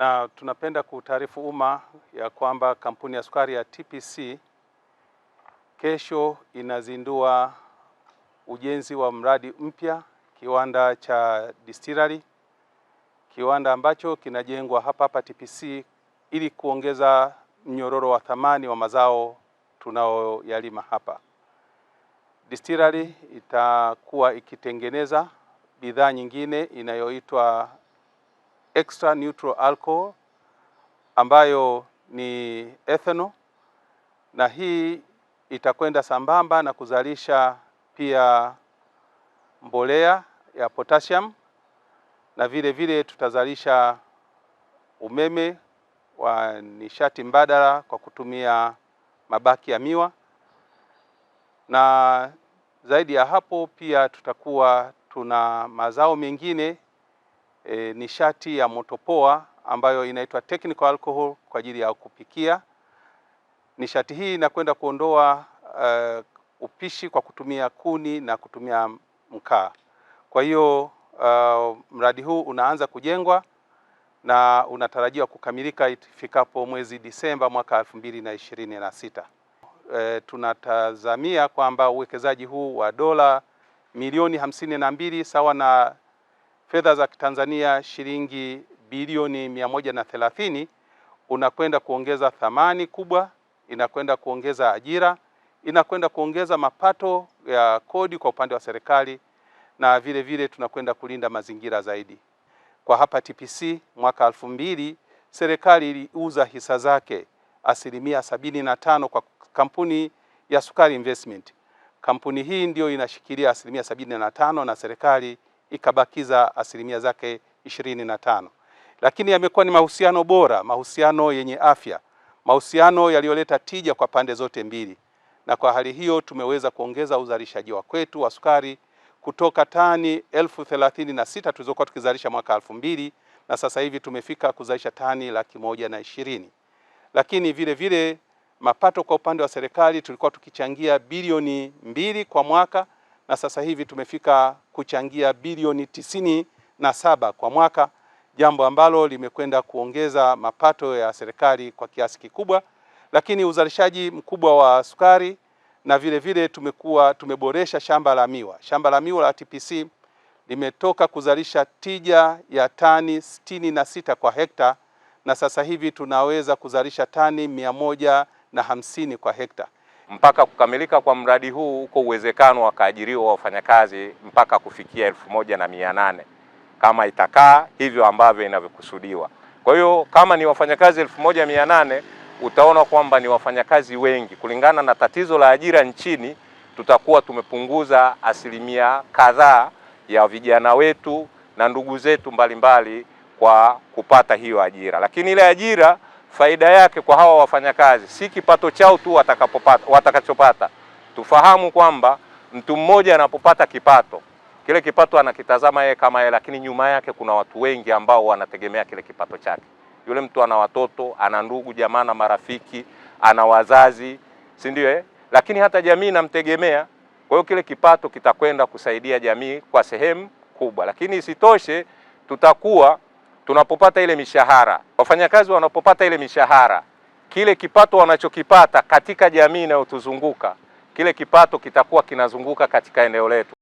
na tunapenda kuutaarifu umma ya kwamba kampuni ya sukari ya TPC kesho inazindua ujenzi wa mradi mpya, kiwanda cha distillery, kiwanda ambacho kinajengwa hapa hapa TPC ili kuongeza mnyororo wa thamani wa mazao tunayoyalima hapa. Distillery itakuwa ikitengeneza bidhaa nyingine inayoitwa extra neutral alcohol ambayo ni ethanol, na hii itakwenda sambamba na kuzalisha pia mbolea ya potassium na vile vile tutazalisha umeme wa nishati mbadala kwa kutumia mabaki ya miwa, na zaidi ya hapo pia tutakuwa tuna mazao mengine e, nishati ya motopoa ambayo inaitwa technical alcohol kwa ajili ya kupikia. Nishati hii inakwenda kuondoa uh, upishi kwa kutumia kuni na kutumia mkaa. Kwa hiyo uh, mradi huu unaanza kujengwa na unatarajiwa kukamilika ifikapo mwezi Disemba mwaka elfu mbili na ishirini na sita. E, tunatazamia kwamba uwekezaji huu wa dola milioni hamsini na mbili sawa na fedha za kitanzania shilingi bilioni thelathini unakwenda kuongeza thamani kubwa, inakwenda kuongeza ajira, inakwenda kuongeza mapato ya kodi kwa upande wa serikali na vile vile tunakwenda kulinda mazingira zaidi. Kwa hapa TPC mwaka elfu mbili serikali iliuza hisa zake asilimia sabini na tano kwa kampuni ya Sukari Investment. Kampuni hii ndiyo inashikilia asilimia sabini na tano na serikali ikabakiza asilimia zake ishirini na tano. Lakini yamekuwa ni mahusiano bora, mahusiano yenye afya, mahusiano yaliyoleta tija kwa pande zote mbili, na kwa hali hiyo tumeweza kuongeza uzalishaji wa kwetu wa sukari kutoka tani elfu thelathini na sita tulizokuwa tukizalisha mwaka elfu mbili na sasa hivi tumefika kuzalisha tani laki moja na ishirini. Lakini vile vile mapato kwa upande wa serikali tulikuwa tukichangia bilioni mbili kwa mwaka na sasa hivi tumefika kuchangia bilioni tisini na saba kwa mwaka, jambo ambalo limekwenda kuongeza mapato ya serikali kwa kiasi kikubwa, lakini uzalishaji mkubwa wa sukari na vile vile tumekuwa tumeboresha shamba la miwa. Shamba la miwa la TPC limetoka kuzalisha tija ya tani sitini na sita kwa hekta na sasa hivi tunaweza kuzalisha tani mia moja na hamsini kwa hekta mpaka kukamilika kwa mradi huu uko uwezekano wakaajiriwa wafanyakazi mpaka kufikia elfu moja na mia nane kama itakaa hivyo ambavyo inavyokusudiwa. Kwa hiyo kama ni wafanyakazi elfu moja mia nane utaona kwamba ni wafanyakazi wengi kulingana na tatizo la ajira nchini. Tutakuwa tumepunguza asilimia kadhaa ya vijana wetu na ndugu zetu mbalimbali kwa kupata hiyo ajira, lakini ile ajira faida yake kwa hawa wafanyakazi si kipato chao tu watakapopata, watakachopata. Tufahamu kwamba mtu mmoja anapopata kipato kile kipato anakitazama yeye kama yeye, lakini nyuma yake kuna watu wengi ambao wanategemea kile kipato chake. Yule mtu ana watoto, ana ndugu jamaa na marafiki, ana wazazi, si ndio eh? Lakini hata jamii inamtegemea. Kwa hiyo kile kipato kitakwenda kusaidia jamii kwa sehemu kubwa, lakini isitoshe tutakuwa tunapopata ile mishahara, wafanyakazi wanapopata ile mishahara, kile kipato wanachokipata katika jamii inayotuzunguka, kile kipato kitakuwa kinazunguka katika eneo letu.